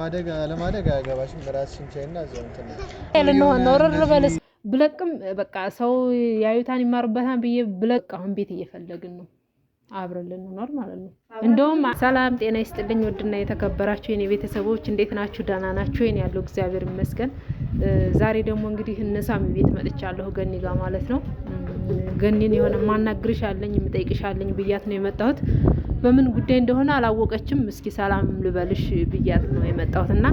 ማደግ አለማደግ አያገባሽም። ራስሽን ቻይና እዛው ብለቅም በቃ ሰው ያዩታን ይማሩበታን ብዬ ብለቅ አሁን ቤት እየፈለግን ነው አብረን ልንኖር ማለት ነው። እንደውም ሰላም ጤና ይስጥልኝ። ውድና የተከበራችሁ የኔ ቤተሰቦች እንዴት ናችሁ? ደህና ናችሁ? የኔ ያለው እግዚአብሔር ይመስገን። ዛሬ ደግሞ እንግዲህ እነሳሚ ቤት መጥቻለሁ፣ ገኒ ጋር ማለት ነው። ገኒን የሆነ ማናግርሽ አለኝ ብያት ነው የመጣሁት በምን ጉዳይ እንደሆነ አላወቀችም። እስኪ ሰላም ልበልሽ ብያት ነው የመጣሁት እና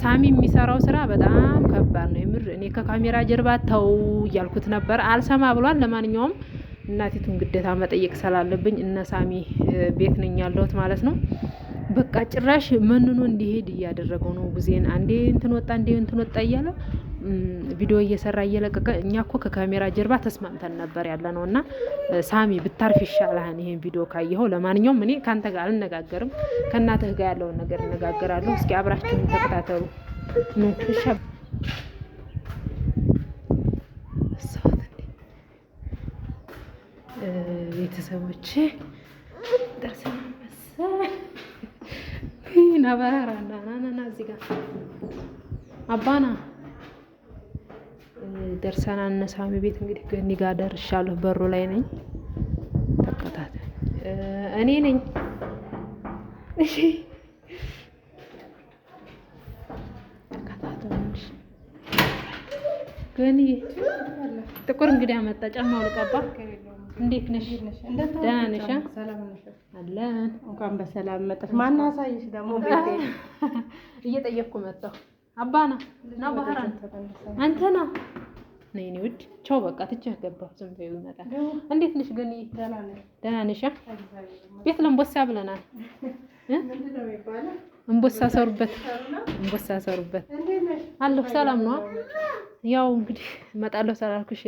ሳሚ የሚሰራው ስራ በጣም ከባድ ነው የምር። እኔ ከካሜራ ጀርባ ተው እያልኩት ነበር፣ አልሰማ ብሏል። ለማንኛውም እናቲቱን ግዴታ መጠየቅ ስላለብኝ እነ ሳሚ ቤት ነኝ ያለሁት ማለት ነው። በቃ ጭራሽ መንኑ እንዲሄድ እያደረገው ነው ጊዜን አንዴ እንትን ወጣ፣ እንዴ እንትን ወጣ እያለ ቪዲዮ እየሰራ እየለቀቀ እኛ እኮ ከካሜራ ጀርባ ተስማምተን ነበር ያለ ነው እና ሳሚ ብታርፍ ይሻልህን ይሄን ቪዲዮ ካየኸው። ለማንኛውም እኔ ከአንተ ጋር አልነጋገርም፣ ከእናትህ ጋር ያለውን ነገር እነጋገራለሁ። እስኪ አብራችሁን ተከታተሉ። ቤተሰቦቼ ናበራራ ናናና እዚህ ጋር አባና ደርሰን አነሳሚ ቤት እንግዲህ ገኒ ጋር ደርሻለሁ። በሩ ላይ ነኝ። ተከታተል። እኔ ነኝ። እሺ፣ ተከታተል። ገኒ ጥቁር እንግዲህ አመጣ። ጫማ አውልቀባ። እንዴት ነሽ? ደህና ነሽ? ነሽ? ሰላም አለን። እንኳን በሰላም መጣሽ። ማናሳይሽ ደግሞ ቤቴ እየጠየቅኩ መጣሁ። አባና ና ባህራን አንተና ነይኔ ውድ ቻው። በቃ ትቼህ ገባሁ። ዝም ብዬ ይመጣል። እንዴት ነሽ ግን? ደህና ነሽ? ቤት ለእምቦሳ ብለናል። እምቦሳ ሰሩበት፣ እምቦሳ ሰሩበት አለሁ። ሰላም ነዋ። ያው እንግዲህ እመጣለሁ ስላልኩሽ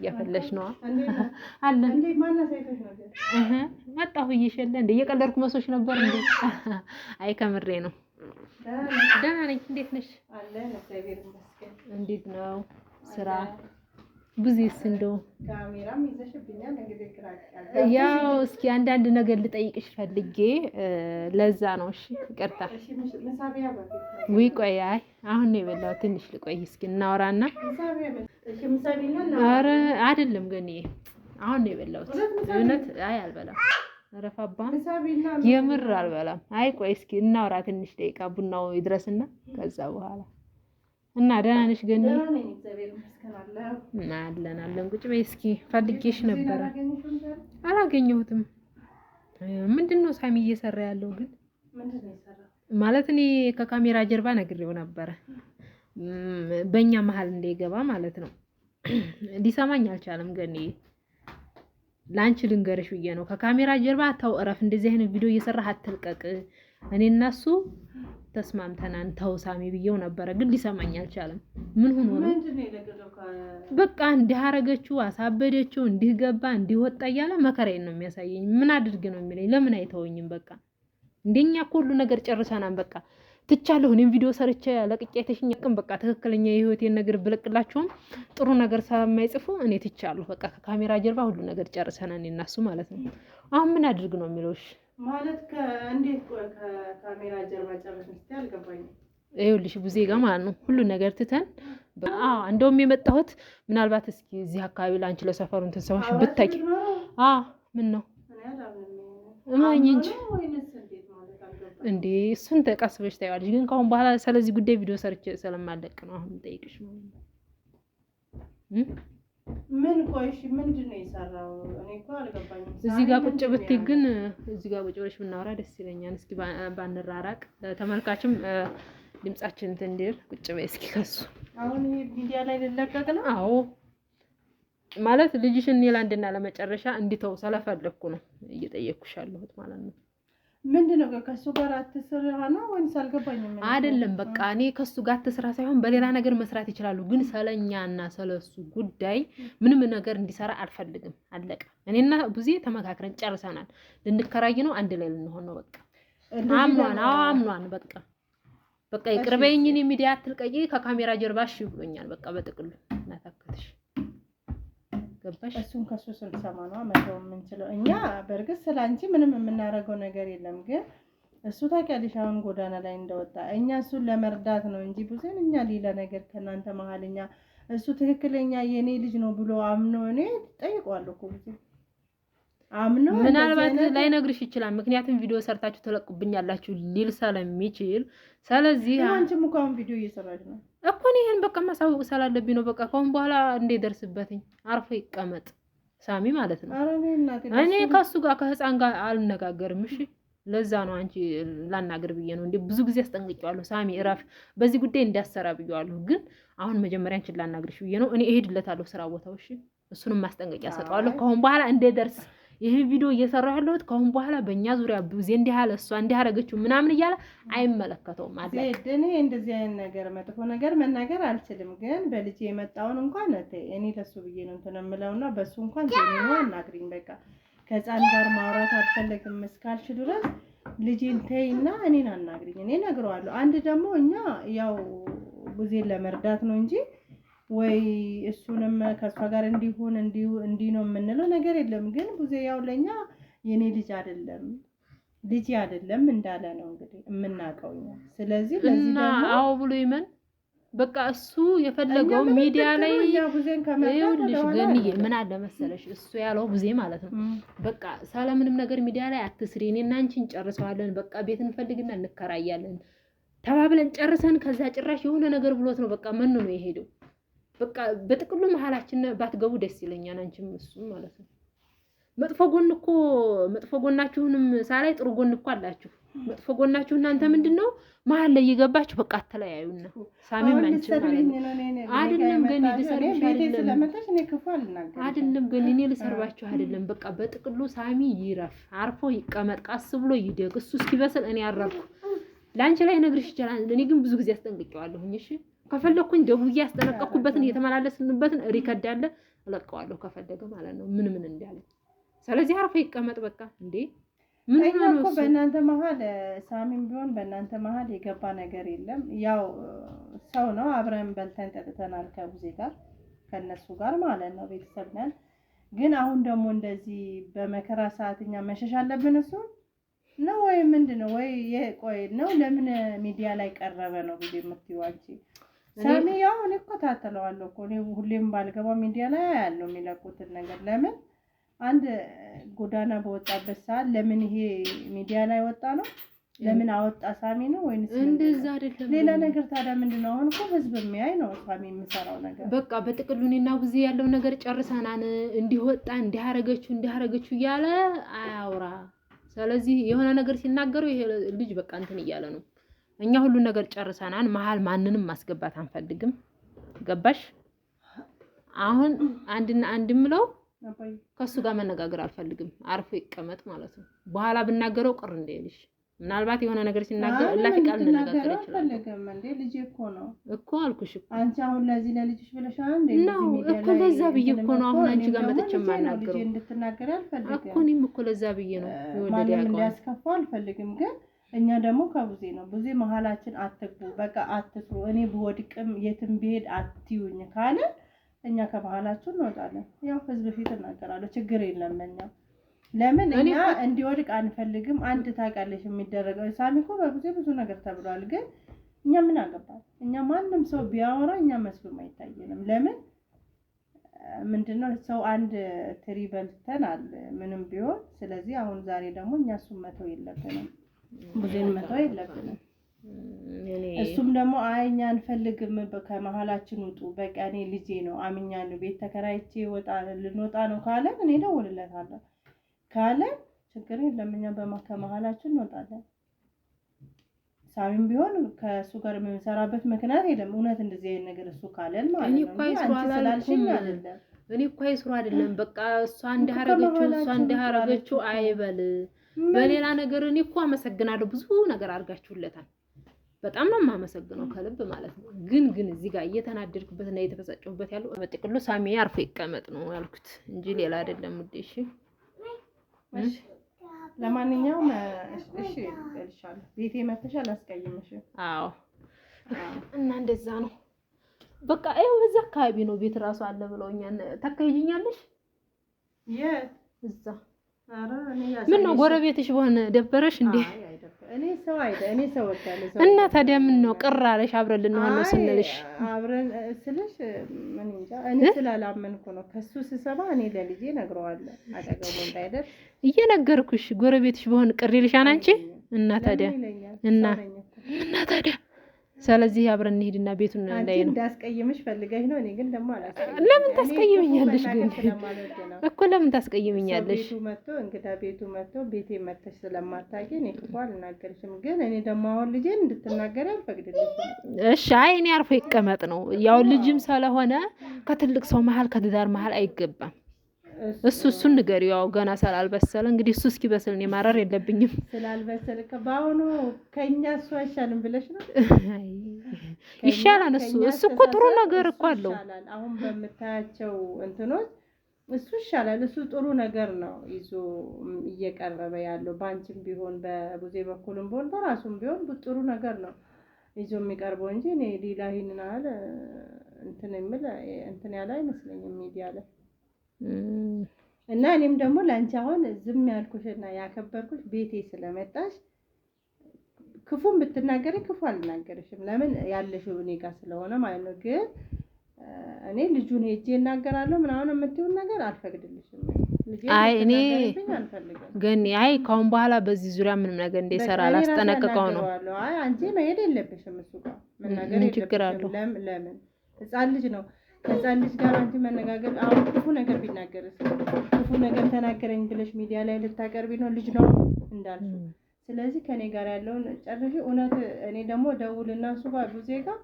እያፈለሽ ነዋ አለ። መጣሁ ብዬሽ የለ እንደ እየቀለድኩ መስሎሽ ነበር እንዴ? አይ ከምሬ ነው። ደህና ነኝ። እንዴት ነሽ? እንዴት ነው ስራ ጊዜስ? እንደው ያው እስኪ አንዳንድ ነገር ልጠይቅሽ ፈልጌ ለዛ ነው። እሺ ይቅርታ። ውይ ቆይ፣ አይ አሁን ነው ትንሽ ልቆይ እስኪ እናወራና። አይደለም ግን አሁን ነው የበላሁት። እውነት አይ አልበላም ረፋባ የምር አልበላም። አይ ቆይ እስኪ እናውራ ትንሽ ደቂቃ ቡናው ይድረስና ከዛ በኋላ እና ደህና ነሽ ገኒ? እና አለን አለን። ቁጭ በይ እስኪ ፈልጌሽ ነበረ አላገኘሁትም። ምንድን ነው ሳሚ እየሰራ ያለው ግን? ማለት እኔ ከካሜራ ጀርባ ነግሬው ነበረ በእኛ መሀል እንዳይገባ ማለት ነው። ሊሰማኝ አልቻለም ገኒ ለአንቺ ልንገርሽ ብዬ ነው። ከካሜራ ጀርባ ተው እረፍ፣ እንደዚህ አይነት ቪዲዮ እየሰራህ አትልቀቅ። እኔ እነሱ ተስማምተናን ተው ሳሚ ብዬው ነበረ፣ ግን ሊሰማኝ አልቻለም። ምን ሆኖ ነው? በቃ አረገችው፣ አሳበደችው፣ እንዲህ ገባ፣ እንዲህ ወጣ እያለ መከራዬን ነው የሚያሳየኝ። ምን አድርግ ነው የሚለኝ? ለምን አይተወኝም? በቃ እንደኛ እኮ ሁሉ ነገር ጨርሰናን በቃ ትቻለሁ። እኔም ቪዲዮ ሰርቼ ለቅቄ የተሽኝ ቅም በቃ ትክክለኛ የህይወቴን ነገር ብለቅላቸውም ጥሩ ነገር ስለማይጽፉ እኔ ትቻለሁ። በቃ ከካሜራ ጀርባ ሁሉ ነገር ጨርሰናል፣ እኔና እሱ ማለት ነው። አሁን ምን አድርግ ነው የሚለውሽ? ማለት እንዴት ከካሜራ ጀርባ ጨርስ ስ አልገባኝም። ይኸውልሽ ቡዜ ጋር ማለት ነው ሁሉ ነገር ትተን እንደውም የመጣሁት ምናልባት እስኪ እዚህ አካባቢ ለአንቺ ለሰፈሩ እንትን ሰዎች ብታቂ ምን ነው እመኝ እንጂ እንዴ እሱን ተቀስበሽ ብለሽ ታይዋለሽ። ግን ከአሁን በኋላ ስለዚህ ጉዳይ ቪዲዮ ሰርቼ ስለማለቅ ነው አሁን ጠይቅሽ ማለት ምን ቆይ ምንድን ነው የሰራው? እዚህ ጋር ቁጭ ብትይ ግን እዚህ ጋር ቁጭ ብለሽ ብናወራ ደስ ይለኛል። እስኪ ባንራራቅ፣ ተመልካችም ድምጻችን እንትን እንዲል ቁጭ በይ እስኪ ከሱ አሁን ሚዲያ ላይ ልለቀቅ ነው። አዎ ማለት ልጅሽን እኔ ለአንድና ለመጨረሻ እንዲተው ስለፈለግኩ ነው እየጠየቅኩሽ ያለሁት ማለት ነው። ምንድነው ከሱ ጋር አትስራ ነው ወይስ አልገባኝም። አይደለም በቃ እኔ ከሱ ጋር አትስራ ሳይሆን በሌላ ነገር መስራት ይችላሉ፣ ግን ስለኛና ስለሱ ጉዳይ ምንም ነገር እንዲሰራ አልፈልግም። አለቀ። እኔና ብዙዬ ተመካክረን ጨርሰናል። ልንከራይ ነው፣ አንድ ላይ ልንሆን ነው። በቃ አምኗን። አዎ አምኗን። በቃ በቃ ይቅርበኝን የሚዲያ አትልቀቂ ከካሜራ ጀርባ እሺ ብሎኛል። በቃ በጥቅሉ እናታከትሽ ገባሽ? እሱን ከሱ ስልሰማ ነው መተው የምንችለው እኛ። በእርግጥ ስለ አንቺ ምንም የምናደርገው ነገር የለም ግን እሱ ታውቂያለሽ፣ አሁን ጎዳና ላይ እንደወጣ እኛ እሱን ለመርዳት ነው እንጂ ብዙን እኛ ሌላ ነገር ከእናንተ መሀል እኛ እሱ ትክክለኛ የእኔ ልጅ ነው ብሎ አምኖ እኔ ጠይቋለሁ እኮ ብዙ ምናልባት ላይ ነግርሽ ይችላል። ምክንያቱም ቪዲዮ ሰርታችሁ ትለቁብኛላችሁ ሊል ስለሚችል ስለዚህ አንቺም እኮ አሁን ቪዲዮ እየሰራች ነው እኮ እኔ ይሄን በቃ ማሳወቅ ስላለብኝ ነው። በቃ ከአሁን በኋላ እንዴ ደርስበትኝ አርፎ ይቀመጥ ሳሚ ማለት ነው። እኔ ከሱ ጋር ከህፃን ጋር አልነጋገርም። እሺ ለዛ ነው አንቺ ላናገር ብዬ ነው እንዴ። ብዙ ጊዜ አስጠንቅቄዋለሁ። ሳሚ እረፍ፣ በዚህ ጉዳይ እንዳሰራ ብዬዋለሁ። ግን አሁን መጀመሪያ አንቺን ላናግርሽ ብዬ ነው። እኔ እሄድለታለሁ ስራ ቦታው። እሺ እሱንም ማስጠንቀቂያ ሰጠዋለሁ። ከአሁን በኋላ ደርስ ይህ ቪዲዮ እየሰራሁ ያለሁት ከአሁን በኋላ በእኛ ዙሪያ ብዙ እንዲህ አለ እሷ እንዲህ አደረገችው ምናምን እያለ አይመለከተውም። አለ እኔ እንደዚህ አይነት ነገር መጥፎ ነገር መናገር አልችልም፣ ግን በልጅ የመጣውን እንኳን እኔ ለሱ ብዬ ነው እንትን የምለውና በሱ እንኳን ዜና አናግሪኝ በቃ ከህፃን ጋር ማውራት አልፈለግም እስካልሽ ድረስ ልጄን ተይና እኔን አናግሪኝ፣ እኔ እነግረዋለሁ። አንድ ደግሞ እኛ ያው ጊዜን ለመርዳት ነው እንጂ ወይ እሱንም ከእሷ ጋር እንዲሆን እንዲህ ነው የምንለው ነገር የለም። ግን ቡዜ ያው ለእኛ የኔ ልጅ አይደለም ልጅ አይደለም እንዳለ ነው እንግዲህ የምናውቀው። ስለዚህ ለዚህ አዎ ብሎ ይመን በቃ እሱ የፈለገው ሚዲያ ላይ ይኸውልሽ፣ ገንዬ ምን አለ መሰለሽ እሱ ያለው ቡዜ ማለት ነው። በቃ ሳለምንም ነገር ሚዲያ ላይ አትስሪ፣ እኔ እና አንቺ እንጨርሰዋለን፣ በቃ ቤት እንፈልግና እንከራያለን ተባብለን ጨርሰን፣ ከዛ ጭራሽ የሆነ ነገር ብሎት ነው በቃ መኑ ነው የሄደው በቃ በጥቅሉ መሀላችን ባትገቡ ደስ ይለኛል። አንቺም እሱም ማለት ነው። መጥፎ ጎን እኮ መጥፎ ጎናችሁንም ሳላይ ጥሩ ጎን እኮ አላችሁ። መጥፎ ጎናችሁ እናንተ ምንድን ነው መሀል ላይ እየገባችሁ በቃ አትለያዩና ሳሚም አንቺም አይደለም ግን አይደለም ግን እኔ ልሰርባችሁ አይደለም። በቃ በጥቅሉ ሳሚ ይረፍ፣ አርፎ ይቀመጥ፣ ቀስ ብሎ ይደግ። እሱ እስኪበስል እኔ አረፍኩ። ለአንቺ ላይ ነግርሽ ይችላል። እኔ ግን ብዙ ጊዜ አስጠንቅቄዋለሁኝ። እሺ ከፈለኩኝ ደውዬ ያስጠነቀኩበትን እየተመላለስንበትን ሪከርድ አለ እለቀዋለሁ፣ ከፈለገ ማለት ነው ምን ምን እንዳለ። ስለዚህ አርፎ ይቀመጥ በቃ። እንዴ ምን በእናንተ መሀል ሳሚም ቢሆን በእናንተ መሀል የገባ ነገር የለም። ያው ሰው ነው፣ አብረን በልተን ጠጥተናል ከቡዜ ጋር ከነሱ ጋር ማለት ነው ቤተሰብ ነን። ግን አሁን ደግሞ እንደዚህ በመከራ ሰዓት እኛ መሸሽ አለብን እሱ ነው ወይ ምንድን ነው ወይ ቆይ ነው ለምን ሚዲያ ላይ ቀረበ ነው ብዬ የምትይው አንቺ ሳሚ ያው እኔ እከታተለዋለሁ እኮ እኔ ሁሌም ባልገባ ሚዲያ ላይ ያለው የሚለቁትን ነገር ለምን አንድ ጎዳና በወጣበት ሰዓት ለምን ይሄ ሚዲያ ላይ ወጣ ነው ለምን አወጣ ሳሚ ነው ወይንስ እንደዛ አይደለም ሌላ ነገር ታዲያ ነው አሁን እኮ ህዝብ የሚያይ ነው ሳሚ የምሰራው ነገር በቃ በጥቅሉ እኔና ጉዜ ያለው ነገር ጨርሰናን እንዲወጣ እንዲያረገችው እንዲያረገችው እያለ አያውራ ስለዚህ የሆነ ነገር ሲናገሩ ይሄ ልጅ በቃ እንትን እያለ ነው እኛ ሁሉን ነገር ጨርሰናል። መሀል ማንንም ማስገባት አንፈልግም። ገባሽ? አሁን አንድና አንድ ምለው ከሱ ጋር መነጋገር አልፈልግም። አርፎ ይቀመጥ ማለት ነው። በኋላ ብናገረው ቅር እንደልሽ ምናልባት የሆነ ነገር ሲናገር እላፊ ቃል እንነጋገር ይችላል እኮ ነው እኮ አልኩሽ እኮ አንቺ አሁን ለዚህ ነው እኮ ለዛ ብዬ እኮ ነው አሁን አንቺ ጋር መጥቼ የማናገረው እኮ እኔም እኮ ለዛ ብዬ ነው ማንም አልፈልግም ግን እኛ ደግሞ ከቡዜ ነው። ቡዜ መሀላችን አትግቡ፣ በቃ አትስሩ፣ እኔ ብወድቅም የትም ብሄድ አትዩኝ ካለ እኛ ከመሀላችሁ እንወጣለን። ያው ህዝብ ፊት እናገራለሁ፣ ችግር የለም እኛ ለምን እኛ እንዲወድቅ አንፈልግም። አንድ ታውቂያለሽ፣ የሚደረገው ሳሚ እኮ ብዙ ነገር ተብሏል፣ ግን እኛ ምን አገባል? እኛ ማንም ሰው ቢያወራ እኛ መስሎም አይታየንም። ለምን ምንድነው ሰው አንድ ትሪ በልተናል ምንም ቢሆን። ስለዚህ አሁን ዛሬ ደግሞ እኛ እሱን መተው የለብንም። ጊዜን መተው የለብንም። እሱም ደግሞ አይ እኛ አንፈልግም፣ ከመሀላችን ውጡ፣ በቃ እኔ ልጄ ነው አምኛ ነው ቤት ተከራይቼ ወጣ ልንወጣ ነው ካለ እኔ እደውልለታለሁ። ካለ ችግር የለም እኛ ከመሀላችን እንወጣለን። ሳሚም ቢሆን ከእሱ ጋር የምንሰራበት ምክንያት የለም። እውነት እንደዚህ አይነት ነገር እሱ ካለን ማለት ነው ስላልሽኝ አይደለም እኔ እኮ አይስሩ አይደለም በቃ እሷ እንዳረገችው እሷ እንዳረገችው አይበል በሌላ ነገር እኔ እኮ አመሰግናለሁ። ብዙ ነገር አድርጋችሁለታል። በጣም ነው የማመሰግነው ከልብ ማለት ነው። ግን ግን እዚህ ጋር እየተናደድኩበት እና እየተበሳጨሁበት ያለው በጥቅሉ ሳሚ አርፎ ይቀመጥ ነው ያልኩት እንጂ ሌላ አይደለም። ውዴ እሺ፣ ለማንኛውም እሺ፣ እልሻለሁ። ቤቴ መተሻ ላስቀይምሽ። አዎ፣ እና እንደዛ ነው በቃ። ይኸው እዛ አካባቢ ነው ቤት እራሱ አለ ብለውኛል። ታካሂጂኛለሽ? የት እዛ ምን ነው ጎረቤትሽ በሆነ ደበረሽ እንዴ? እኔ እኔ ሰው ሰው አይደ እና ታዲያ ምን ነው ቅር አለሽ? አብረን ልንሆን ነው ስንልሽ አብረን ስልሽ ምን እንጃ እኔ ስላላመንኩ ነው። ከሱ ስሰማ እኔ ለልጄ እነግረዋለሁ አጠገቡ እንዳይደርስ እየነገርኩሽ። ጎረቤትሽ በሆነ ቅር ይልሻል አንቺ እና ታዲያ እና እና ታዲያ ስለዚህ አብረን እንሂድና ቤቱን ላይ ነው። እንዳስቀይምሽ ፈልገሽ ነው። እኔ ግን ደግሞ አላስቀይም። ለምን ታስቀይምኛለሽ? ግን እኮ ለምን ታስቀይምኛለሽ? ቤቱ መጥቶ እንግዳ ቤቱ መጥቶ ቤቴ መጥተሽ ስለማታውቂ እኔ ክፉ አልናገርሽም። ግን እኔ ደግሞ አሁን ልጄን እንድትናገር አልፈቅድልሽም። እሺ። አይ እኔ አርፎ ይቀመጥ ነው ያው ልጅም ስለሆነ ከትልቅ ሰው መሀል ከትዳር መሀል አይገባም። እሱ እሱን ንገሪው። ያው ገና ስላልበሰለ እንግዲህ እሱ እስኪበስል እኔ ማረር የለብኝም። ስላልበሰለ በአሁኑ ከኛ እሱ አይሻልም ብለሽ ነው? ይሻላል። እሱ እሱ እኮ ጥሩ ነገር እኮ አለው። አሁን በምታያቸው እንትኖች እሱ ይሻላል። እሱ ጥሩ ነገር ነው ይዞ እየቀረበ ያለው በአንቺም ቢሆን በቡዜ በኩልም ቢሆን በራሱም ቢሆን ጥሩ ነገር ነው ይዞ የሚቀርበው እንጂ እኔ ሌላ ይህንን አለ እንትን የምል እንትን ያለ አይመስለኝም ሚዲያ ላይ እና እኔም ደግሞ ለአንቺ አሁን ዝም ያልኩሽና ያከበርኩሽ ቤቴ ስለመጣሽ ክፉም ብትናገሪ ክፉ አልናገርሽም። ለምን ያለሽው እኔ ጋር ስለሆነ ማለት ነው። ግን እኔ ልጁን ሄጄ እናገራለሁ ምናምን የምትይውን ነገር አልፈቅድልሽም። አይ እኔ ግን አይ ካሁን በኋላ በዚህ ዙሪያ ምንም ነገር እንዲሰራ አላስጠነቅቀው ነው። አይ አንቺ መሄድ የለብሽም እሱ ጋር ምን መናገር የለብሽም። ለምን ህፃን ልጅ ነው። ከዛ ልጅ ጋር አንቺ መነጋገር አሁን ክፉ ነገር ቢናገርስ ክፉ ነገር ተናገረኝ ብለሽ ሚዲያ ላይ ልታቀርቢ ነው? ልጅ ነው እንዳልሽ። ስለዚህ ከኔ ጋር ያለውን ጨርሽ። እውነት እኔ ደግሞ ደውል እና እሱ ጋር ጉዜ ጋር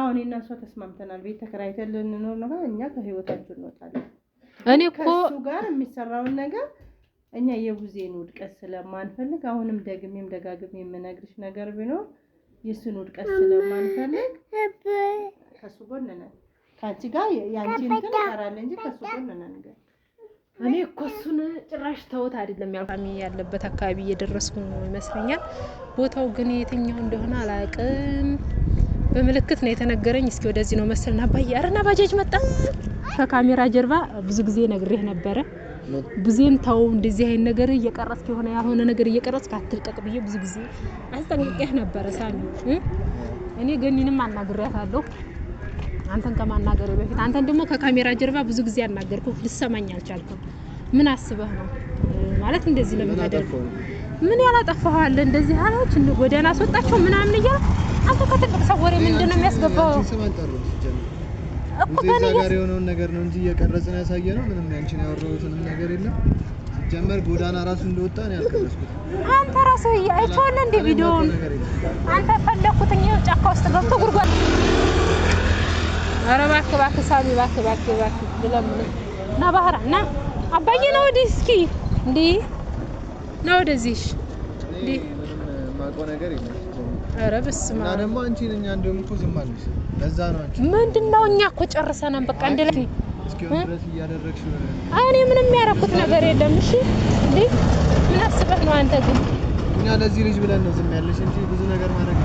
አሁን እና እሷ ተስማምተናል። ቤት ተከራይተን ልንኖር ነው። እኛ ከህይወታችን እንወጣለን። እኔ እኮ ከእሱ ጋር የሚሰራውን ነገር እኛ የቡዜን ውድቀት ስለማንፈልግ አሁንም ደግሜም ደጋግሜ የምነግርሽ ነገር ቢኖር የእሱን ውድቀት ስለማንፈልግ ከእሱ ጎን ነን ከአንቺ ጋር የአንቺ እንትን ይሰራል እንጂ ከሱ ሁሉና ነገር እኔ እኮ እሱን ጭራሽ ተውት አይደለም ያልሚ ያለበት አካባቢ እየደረስኩ ነው ይመስለኛል። ቦታው ግን የትኛው እንደሆነ አላቅም። በምልክት ነው የተነገረኝ። እስኪ ወደዚህ ነው መሰል ናባዬ። ኧረ ና ባጃጅ መጣ። ከካሜራ ጀርባ ብዙ ጊዜ ነግሬህ ነበረ። ብዙም ተው እንደዚህ አይነት ነገር እየቀረጽክ የሆነ ያልሆነ ነገር እየቀረጽክ አትልቀቅ ብዬ ብዙ ጊዜ አስጠንቅቄህ ነበረ ሳሚ። እኔ ገኒንም አናግሬያታለሁ አንተን ከማናገር በፊት አንተን ደግሞ ከካሜራ ጀርባ ብዙ ጊዜ ያናገርኩ ልሰማኝ አልቻልኩም። ምን አስበህ ነው ማለት እንደዚህ ነው ምን ያላጠፋኸው አለ እንደዚህ አለች እንደ ጎዳና አስወጣቸው ምናምን እያልኩ አንተ ከትልቅ ሰው ወሬ ምንድን ነው የሚያስገባው እኮ ጋር የሆነውን ነገር ነው እንጂ እየቀረጽን ያሳየ ነው። ምንም ያንቺን ያወራሁትንም ነገር የለም። ሲጀመር ጎዳና ራሱ እንደወጣ ነው ያልቀረጽኩት። አንተ ራሱ አይቼዋለሁ እንደ ቪዲዮውን አንተ ፈለኩትኝ ጫካ ውስጥ ገብቶ ጉርጓ ኧረ እባክህ እባክህ ሳሚ እባክህ እባክህ እባክህ ብለን እና ባህራ እና አባዬ ነው ወዲህ እስኪ እንዲ ነው ወደዚህ እንዲ ማውቀው እኛ እንደውም እኮ ዝም አልልሽ። በዛ ጨርሰናል። በቃ እንደ እኔ ምንም ያደረኩት ነገር የለም። እሺ እንዴ ምን አስበህ ነው አንተ? ግን እኛ ለዚህ ልጅ ብለን ነው ዝም ያለሽ እንጂ ብዙ ነገር ማድረግ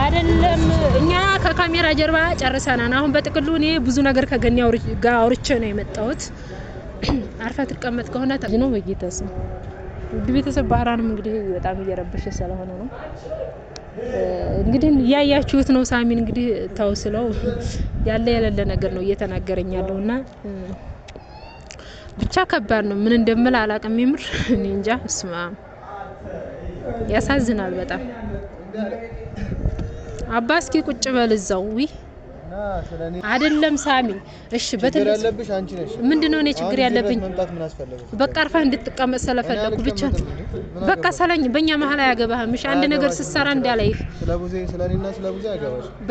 አይደለም እኛ ከካሜራ ጀርባ ጨርሰናል። አሁን በጥቅሉ እኔ ብዙ ነገር ከገኒ ጋር አውርቼ ነው የመጣሁት። አርፈ ትቀመጥ ከሆነ ነው በጌታስ ውድ ቤተሰብ። ባህራንም እንግዲህ በጣም እየረበሸ ስለሆነ ነው እንግዲህ እያያችሁት ነው። ሳሚን እንግዲህ ተው ስለው ያለ የሌለ ነገር ነው እየተናገረኝ ያለው እና ብቻ ከባድ ነው። ምን እንደምል አላቅም። የምር እኔ እንጃ። እስማ ያሳዝናል በጣም አባ እስኪ ቁጭ በል እዛው። ዊ አይደለም ሳሚ። እሺ በትልቅ ምንድነው? እኔ ችግር ያለብኝ በቃ አርፋ እንድትቀመጥ ስለፈለኩ ብቻ በቃ ሰለኝ። በእኛ መሀል አያገባህም። እሺ አንድ ነገር ስትሰራ እንዳላይህ።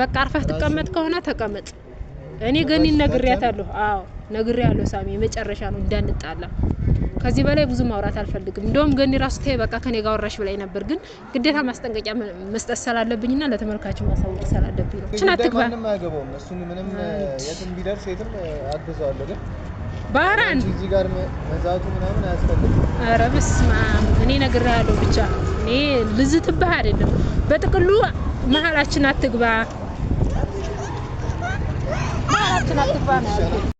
በቃ አርፋ ትቀመጥ ከሆነ ተቀመጥ። እኔ ገኒ ነግሬያታለሁ። አዎ ነግሬያለሁ ሳሚ። የመጨረሻ ነው እንዳንጣላ ከዚህ በላይ ብዙ ማውራት አልፈልግም። እንደውም ገኒ ራሱ ተይ በቃ ከኔ ጋር ወራሽ ብላይ ነበር፣ ግን ግዴታ ማስጠንቀቂያ መስጠት ስላለብኝና ለተመልካቹ ማሳወቅ ስላለብኝ ነው። እችን አትግባ። እሱን ምንም የትም ቢደርስ የትም አግዘዋለሁ ግን ባህራን እዚህ ጋር መዛቱ ምናምን አያስፈልግም። ኧረ በስመ አብ እኔ ብቻ እኔ ልዝትብህ አይደለም። በጥቅሉ መሀላችን አትግባ፣ መሀላችን አትግባ ነው።